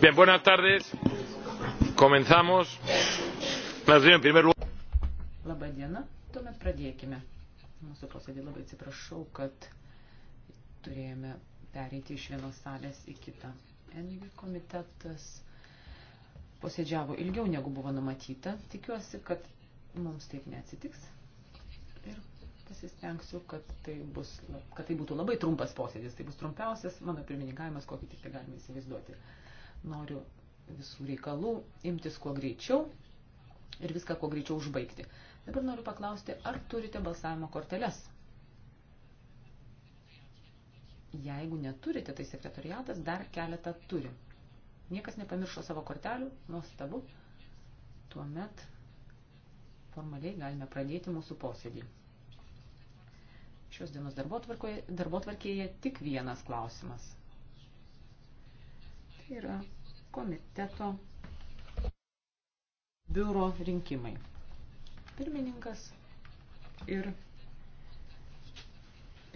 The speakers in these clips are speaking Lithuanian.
Bien, buenas tardes. Comenzamos. Labą dieną. Tuomet pradėkime. Mūsų posėdį labai atsiprašau, kad turėjome pereiti iš vienos salės į kitą. Envi komitetas posėdžiavo ilgiau negu buvo numatyta. Tikiuosi, kad mums taip neatsitiks. Pasistengsiu, kad tai, bus, kad tai būtų labai trumpas posėdis. Tai bus trumpiausias mano pirmininkavimas, kokį tik tai galime įsivaizduoti. Noriu visų reikalų imtis kuo greičiau ir viską kuo greičiau užbaigti. Dabar noriu paklausti, ar turite balsavimo korteles? Jeigu neturite, tai sekretariatas dar keletą turi. Niekas nepamiršo savo kortelių, nuostabu. Tuomet formaliai galime pradėti mūsų posėdį. Šios dienos darbotvarkėje tik vienas klausimas. Tai yra komiteto biuro rinkimai. Pirmininkas ir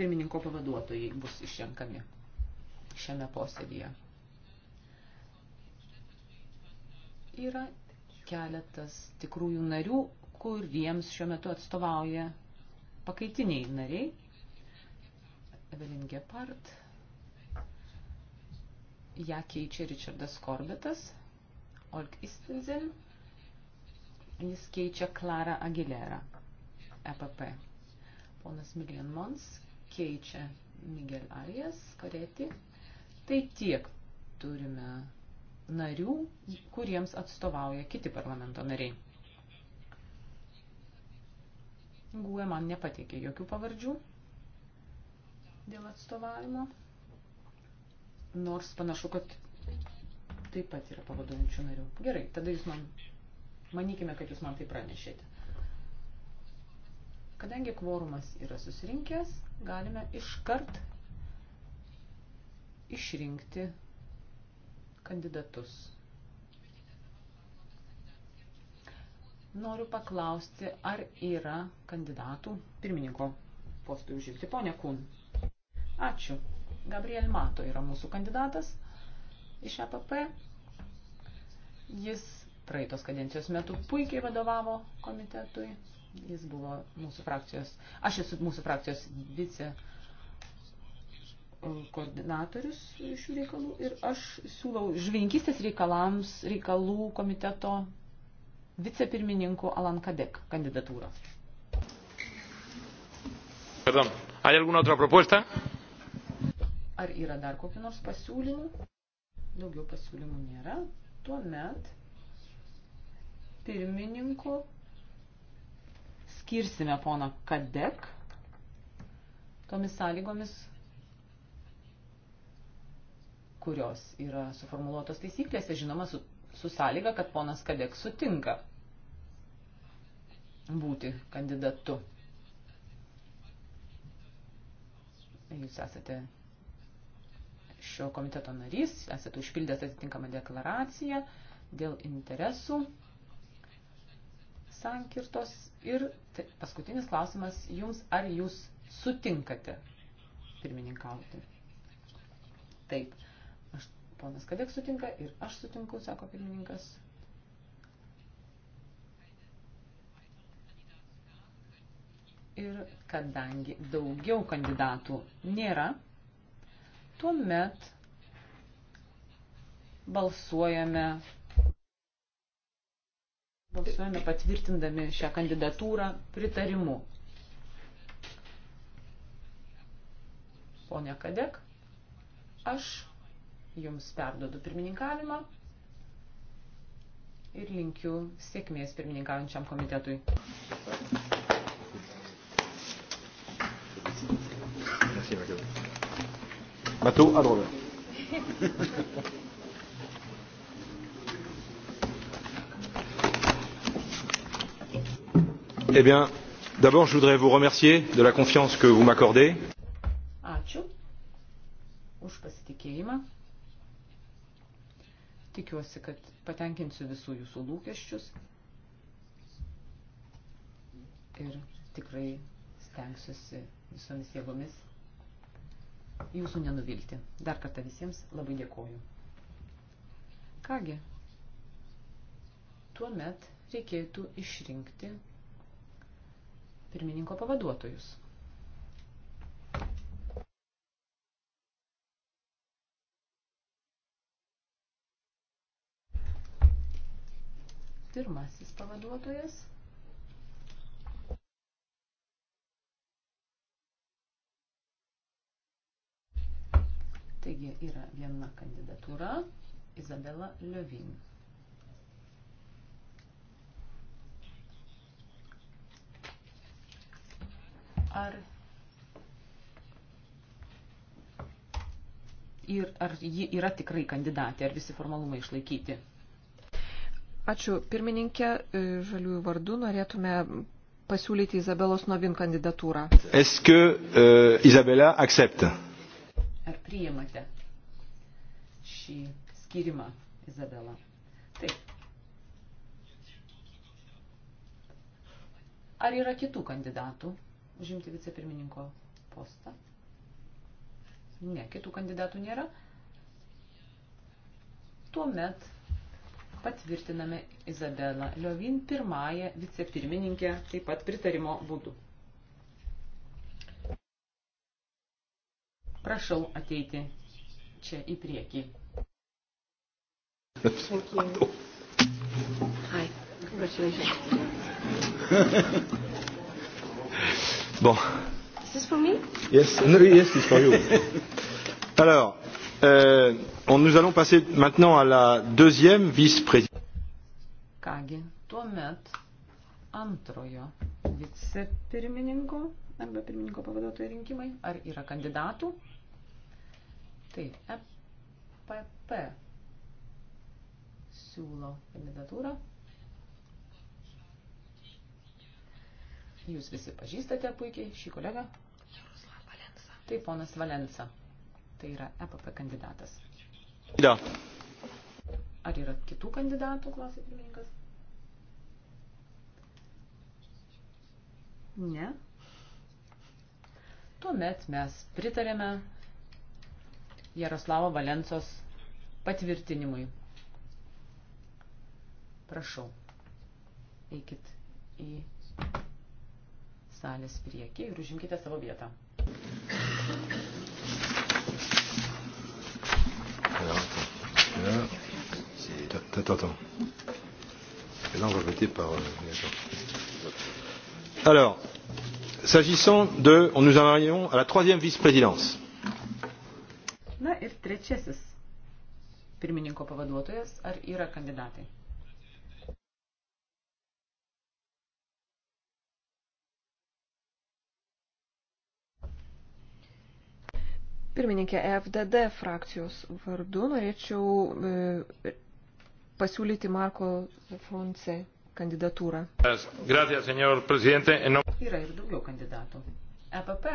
pirmininko pavaduotojai bus išrenkami šiame posėdėje. Yra keletas tikrųjų narių, kuriems šiuo metu atstovauja pakaitiniai nariai Evelyn Gepard. Ja keičia Richardas Korbetas. Olg Istenzen. Jis keičia Klarą Aguilera. EPP. Ponas Milian Mons keičia Miguel Arias Koreti. Tai tiek turime narių, kuriems atstovauja kiti parlamento nariai. Gue man nepateikė jokių pavardžių dėl atstovavimo, nors panašu, kad taip pat yra pavaduojančių narių. Gerai, tada jūs man, manykime, kad jūs man tai pranešėte. Kadangi kvorumas yra susirinkęs, galime iškart išrinkti kandidatus. Noriu paklausti, ar yra kandidatų pirmininko postui užimti. Pone Kūn. Ačiū. Gabriel Mato yra mūsų kandidatas iš EPP. Jis praeitos kadencijos metu puikiai vadovavo komitetui. Jis buvo mūsų frakcijos, aš esu mūsų frakcijos vice koordinatorius šių reikalų ir aš siūlau žvininkistės reikalams reikalų komiteto vicepirmininku Alan Kadek kandidatūrą. Perdón, ¿hay alguna otra propuesta? Ar yra dar kokiu nors pasiūlymu? Daugiau pasiūlymų nėra. Tuomet pirmininku skirsime poną Kadek tomis sąlygomis, kurios yra suformuoluotos taisyklėse, žinoma, su, su sąlyga, kad ponas Kadek sutinka būti kandidatu. Jūs esate šio komiteto narys, esate užpildęs atitinkamą deklaraciją dėl interesų sankirtos. Ir tai, paskutinis klausimas jums, ar jūs sutinkate pirmininkauti? Taip, aš, ponas Kadek sutinka ir aš sutinku, sako pirmininkas. Ir kadangi daugiau kandidatų nėra, tuomet balsuojame, balsuojame patvirtindami šią kandidatūrą pritarimu. Pone Kadek, aš Jums perduodu pirmininkavimą ir linkiu sėkmės pirmininkaujančiam komitetui. Thank you. Ma tu allora. eh bien, d'abord, je voudrais vous remercier de la confiance que vous m'accordez. Ačiū už pasitikėjimą. Tikiuosi, kad patenkinsiu visų jūsų lūkesčius ir tikrai stengsiuosi visomis jėgomis jūsų nenuvilti. Dar kartą visiems labai dėkoju. Kągi, tuo met reikėtų išrinkti pirmininko pavaduotojus. Pirmasis pavaduotojas – Taigi yra viena kandidatūra - Izabela Liovin. Ar ir ar ji yra tikrai kandidatė, ar visi formalumai išlaikyti? Ačiū. Pirmininkė, e, žaliųjų vardų norėtume pasiūlyti Izabelos Novin kandidatūrą. Est-ce que euh, Isabella accepte? priimate šį skirimą, Izabela. Taip. Ar yra kitų kandidatų užimti vicepirmininko postą? Ne, kitų kandidatų nėra. Tuomet patvirtiname Izabelą Liovin pirmąją vicepirmininkę taip pat pritarimo būdu. prašau ateiti čia į priekį. Thank you. Hi. Congratulations. bon. Is this for me? Yes, no, yes, it's for you. Alors, euh, on, nous allons passer maintenant à la deuxième vice-présidente. Kągi, tuomet antrojo vicepirmininko arba pirmininko pavaduotojo rinkimai. Ar yra kandidatų? Taip, EPP siūlo kandidatūrą. Jūs visi pažįstate puikiai šį kolegą. Tai ponas Valensa. Tai yra EPP kandidatas. Da. Ar yra kitų kandidatų, klausė pirmininkas? Ne. Tuomet mes pritarėme Jaroslavo Valensos patvirtinimui. Prašau, eikit į salės priekį ir užimkite savo vietą. Attends, attends. Et là, on va voter par. Alors, s'agissant de. Nous en arrivons à la troisième vice-présidence trečiasis pirmininko pavaduotojas, ar yra kandidatai? Pirmininkė FDD frakcijos vardu norėčiau e, pasiūlyti Marko Fonse kandidatūrą. Gracias, señor presidente. Yra ir daugiau kandidatų. EPP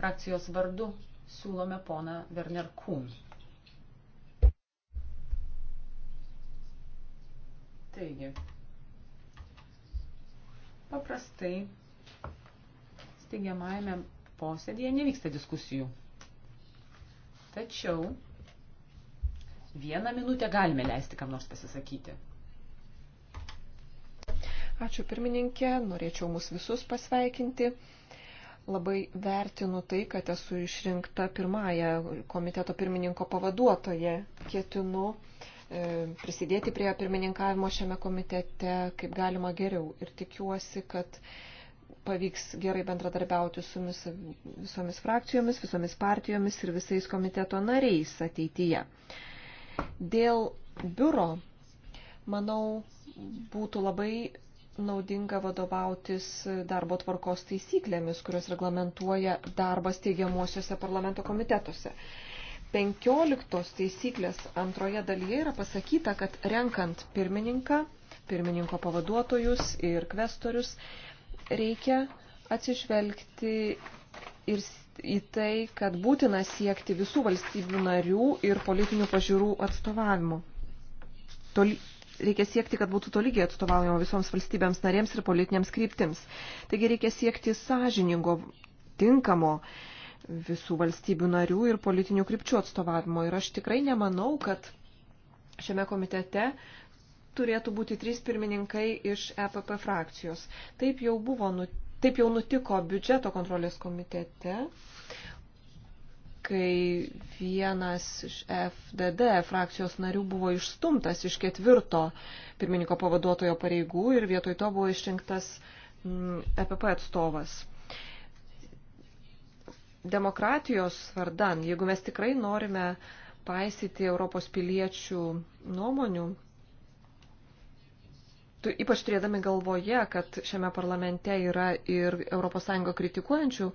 frakcijos vardu siūlome poną Werner Kuhn. Taigi, paprastai steigiamajame posėdėje nevyksta diskusijų. Tačiau vieną minutę galime leisti kam nors pasisakyti. Ačiū pirmininkė, norėčiau mus visus pasveikinti. Labai vertinu tai, kad esu išrinkta pirmąją komiteto pirmininko pavaduotoje. Ketinu e, prisidėti prie pirmininkavimo šiame komitete kaip galima geriau ir tikiuosi, kad pavyks gerai bendradarbiauti su visomis frakcijomis, visomis partijomis ir visais komiteto nariais ateityje. Dėl biuro, manau, būtų labai naudinga vadovautis darbo tvarkos taisyklėmis, kurios reglamentuoja darbas teigiamuosiuose parlamento komitetuose. 15 taisyklės antroje dalyje yra pasakyta, kad renkant pirmininką, pirmininko pavaduotojus ir kvestorius reikia atsižvelgti ir į tai, kad būtina siekti visų valstybių narių ir politinių pažiūrų atstovavimo. Toli, reikia siekti, kad būtų tolygiai atstovaujama visoms valstybėms narėms ir politinėms kryptims. Taigi reikia siekti sąžiningo, tinkamo visų valstybių narių ir politinių krypčių atstovavimo. Ir aš tikrai nemanau, kad šiame komitete turėtų būti trys pirmininkai iš EPP frakcijos. Taip jau, buvo, nu, taip jau nutiko biudžeto kontrolės komitete kai vienas iš FDD frakcijos narių buvo išstumtas iš ketvirto pirmininko pavaduotojo pareigų ir vietoj to buvo išrinktas mm, EPP atstovas. Demokratijos vardan, jeigu mes tikrai norime paisyti Europos piliečių nuomonių, ypač turėdami galvoje, kad šiame parlamente yra ir ES kritikuojančių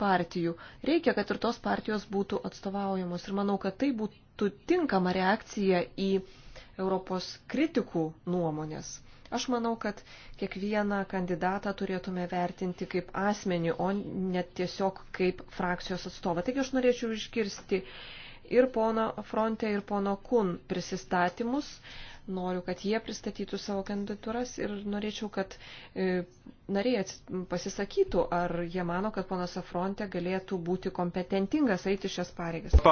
partijų, reikia, kad ir tos partijos būtų atstovaujamos. Ir manau, kad tai būtų tinkama reakcija į Europos kritikų nuomonės. Aš manau, kad kiekvieną kandidatą turėtume vertinti kaip asmenį, o ne tiesiog kaip frakcijos atstovą. Taigi aš norėčiau išgirsti ir pono Fronte, ir pono Kun prisistatymus noriu, kad jie pristatytų savo kandidatūras ir norėčiau, kad e, nariai pasisakytų, ar jie mano, kad ponas Afronte galėtų būti kompetentingas eiti šias pareigas. Euh,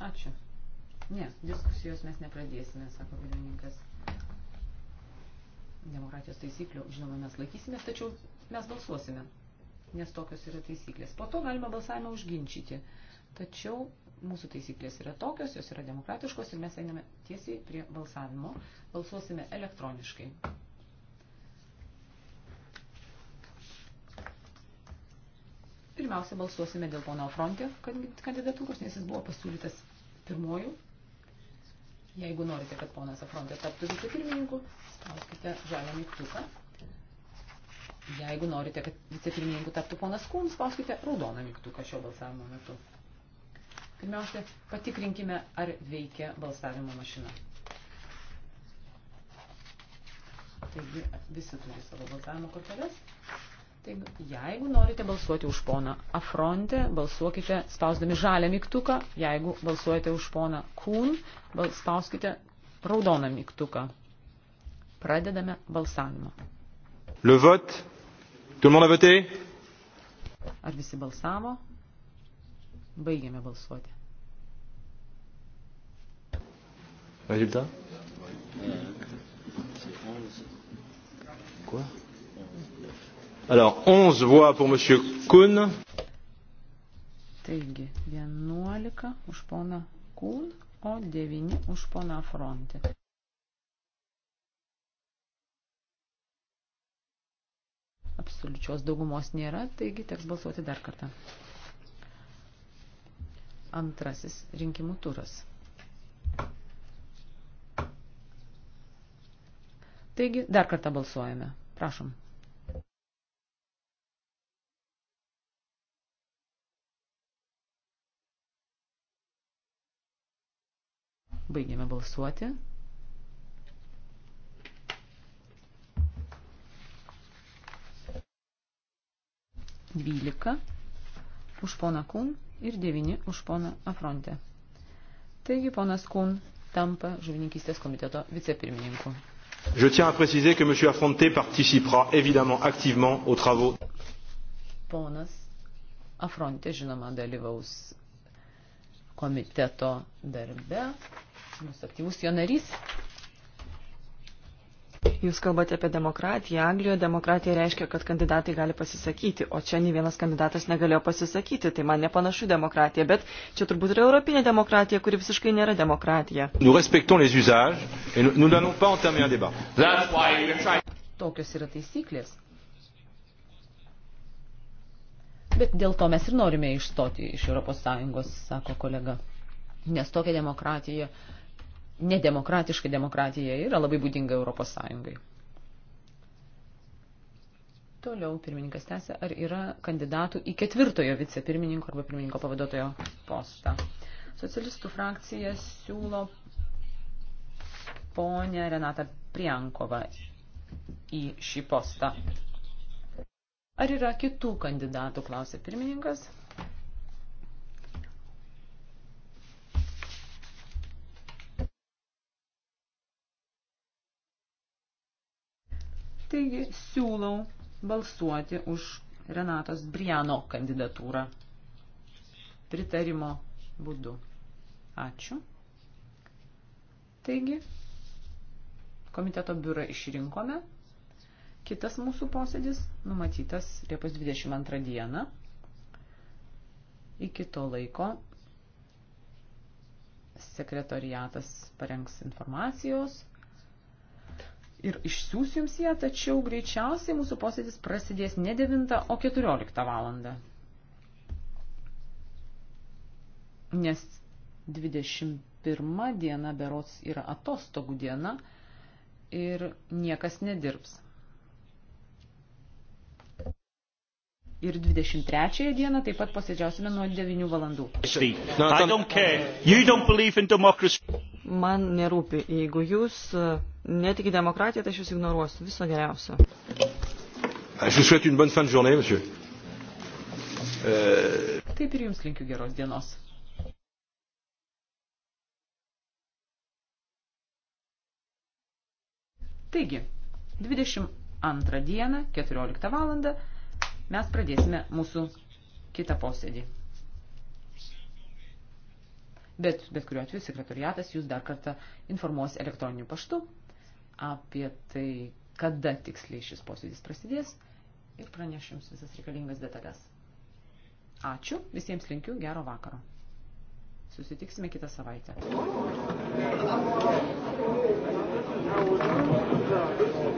Ačiū. Ne, diskusijos mes nepradėsime, sako pirmininkas. Demokratijos taisyklių, žinoma, mes laikysimės, tačiau mes balsuosime, nes tokios yra taisyklės. Po to galima balsavimą užginčyti. Tačiau mūsų taisyklės yra tokios, jos yra demokratiškos ir mes einame tiesiai prie balsavimo. Balsuosime elektroniškai. Pirmiausia, balsuosime dėl pono Frontė kandidatūros, nes jis buvo pasiūlytas pirmojų. Jeigu norite, kad ponas Afrontė taptų vicepirmininku, spauskite žalią mygtuką. Jeigu norite, kad vicepirmininku taptų ponas Kūn, spauskite raudoną mygtuką šio balsavimo metu. Pirmiausia, patikrinkime, ar veikia balsavimo mašina. Taigi visi turi savo balsavimo korteles. Taigi, jeigu norite balsuoti už poną Afronte, balsuokite spausdami žalią mygtuką. Jeigu balsuojate už poną Kūn, spauskite raudoną mygtuką. Pradedame balsavimą. Le vote. Tout le monde a voté? Ar visi balsavo? Baigiame balsuoti. Résultat Quoi Alors, 11 voix pour Monsieur Kuhn. Taigi, 11 už poną Kuhn, o 9 už poną Frontį. Absoliučios daugumos nėra, taigi teks balsuoti dar kartą antrasis rinkimų turas. Taigi, dar kartą balsuojame. Prašom. Baigėme balsuoti. Dvylika už poną Kun ir 9 už poną Afrontę. Taigi ponas Kun tampa žuvininkystės komiteto vicepirmininku. Je tiens à préciser que M. Affronté participera évidemment activement aux travaux. Ponas Afrontė, žinoma, dalyvaus komiteto darbe. Mūsų aktyvus jo narys. Jūs kalbate apie demokratiją. Anglijoje demokratija reiškia, kad kandidatai gali pasisakyti, o čia nei vienas kandidatas negalėjo pasisakyti. Tai man nepanašu demokratija, bet čia turbūt yra europinė demokratija, kuri visiškai nėra demokratija. Tokios yra taisyklės. Bet dėl to mes ir norime išstoti iš ES, sako kolega. Nes tokia demokratija uh, nedemokratiška demokratija yra labai būdinga Europos Sąjungai. Toliau pirmininkas tęsia, ar yra kandidatų į ketvirtojo vicepirmininko arba pirmininko pavaduotojo postą. Socialistų frakcija siūlo ponę Renatą Priankovą į šį postą. Ar yra kitų kandidatų, klausė pirmininkas. Taigi siūlau balsuoti už Renatos Briano kandidatūrą pritarimo būdu. Ačiū. Taigi, komiteto biurą išrinkome. Kitas mūsų posėdis numatytas Liepos 22 dieną. Iki to laiko sekretoriatas parengs informacijos ir išsiųs jums ją, tačiau greičiausiai mūsų posėdis prasidės ne 9, o 14 valandą. Nes 21 diena berots yra atostogų diena ir niekas nedirbs. ir 23 dieną taip pat posėdžiausime nuo 9 valandų. Man nerūpi, jeigu jūs netiki demokratiją, tai aš jūs ignoruosiu. Viso geriausio. Aš jūs souhaite une bonne fin de journée, monsieur. Euh... Taip ir jums linkiu geros dienos. Taigi, 22 dieną, 14 valandą, mes pradėsime mūsų kitą posėdį. Bet, bet kuriuo atveju sekretariatas jūs dar kartą informuos elektroniniu paštu apie tai, kada tiksliai šis posėdis prasidės ir pranešiu jums visas reikalingas detalės. Ačiū, visiems linkiu gero vakaro. Susitiksime kitą savaitę.